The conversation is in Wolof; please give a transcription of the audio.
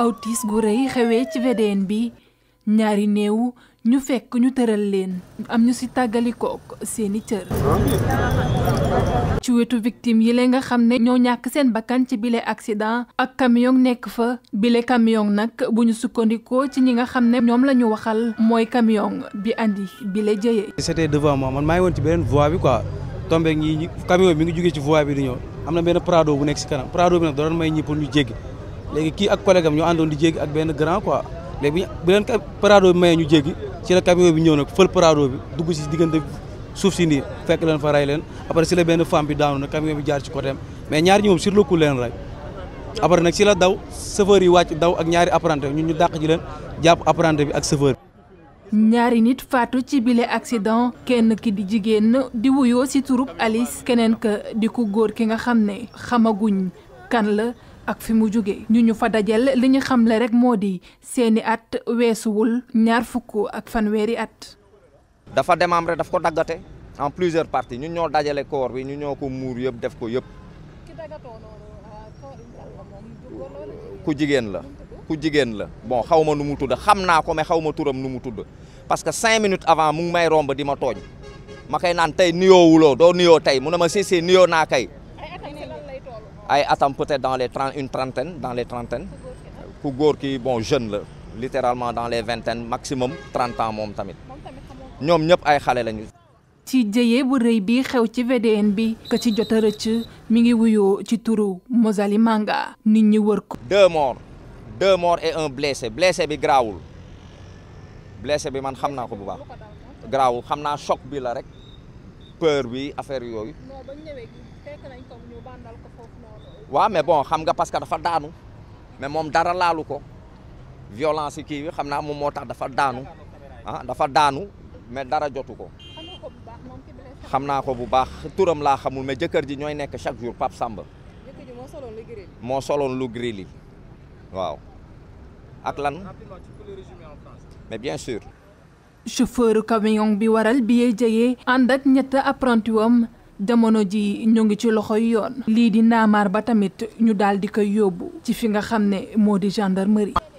aw tiis gu rëy xewee ci VDN bi ñaari néew ñu fekk ñu tëral leen am ñu ci tàggalikook seeni cër ci wetu victime yi la nga xam ne ñoo ñàkk seen bakkan ci bile accident ak camion nekk fa bile camion nag bu ñu sukkandikoo ci ñi nga xam ne ñoom la ñu waxal mooy camion bi andi bile jëyee c'était devant moi man maa ngi woon ci beneen voie bi quoi tombé ñi camion bi mi ngi jugee ci voie bi di ñëw am na benn prado bu nekk ci kanam prado bi nag doon may ñi pour léegi kii ak collègue bi ñu àndoon di jéggi ak benn grand quoi léegi bu leen parado bi mayee ñu jéggi ci la camion bi ñëw nag fël parado bi dugg si diggante suuf si nii fekk leen fa ray leen après si la benn femme bi daanu nag camion bi jaar ci côté am mais ñaar ñi moom sur le coup leen rey après nag si la daw chauffeur yi wàcc daw ak ñaari apprenti ñu ñu dàq ji leen jàpp aprante bi ak chauffeur ñaari nit faatu ci bile accident kenn ki di jigéen di wuyoo si turub Alice keneen di ku góor ki nga xam ne xamaguñ kan la ak fi mu jóge ñu ñu fa dajal li ñu xam xamle rek moo di seeni at weesuwul ñaar fukk ak fanweeri at. dafa démembré daf ko daggate en plusieurs parties ñu ñoo dajale corps bi ñu ñoo ko muur yëpp def ko yëpp. Ah, ku jigéen la ku jigéen la bon xaw nu mu tudd xam naa ko mais xaw ma turam nu mu tudd parce que cinq minutes avant mu may romb di ma tooñ ma koy naan tey niyoowuloo doo niyoo tey mun ne ma séesee niyoo naa kay. ay atam peut-être dans les trente une trentaine dans les trentaines Kougour qui ki bon jeune là, littéralement dans les vingtaines maximum trente ans moom tamit ñoom ñëpp ay xalé lañu. ci jëye bu reuy bi xew ci VDN bi ka ci jot recc mi ngi wuyoo ci turu Mozali Manga nit ñi wër ko. deux morts deux morts et un blessé blessé bi grawul. blessé bi man xamna ko bu baax Grawul xamna choc bi la rek peur bi affaire yooyu. non ba ñu ñëwee nañ ko ñu bandal ko foofu noonu. waaw mais bon xam nga parce que dafa daanu mais mom dara laalu ko violence ki kii bi xam naa moom moo tax dafa daanu ah dafa daanu mais dara jotu ko. xam naa ko bu baax touram la xamul mais jëkkër ji ñoy nekk chaque jour pap Samba. jëkkër ji mo soloon lu gris mo soloon lu gris li waaw. ak lan mais bien sûr. chauffeuru camion bi waral biye jege ànd ak ñett apprenti am jamono ji ñu ngi ci loxoy yoon lii di naamaar ba tamit ñu daal di koy yóbbu ci fi nga xam ne moo di gendarmerie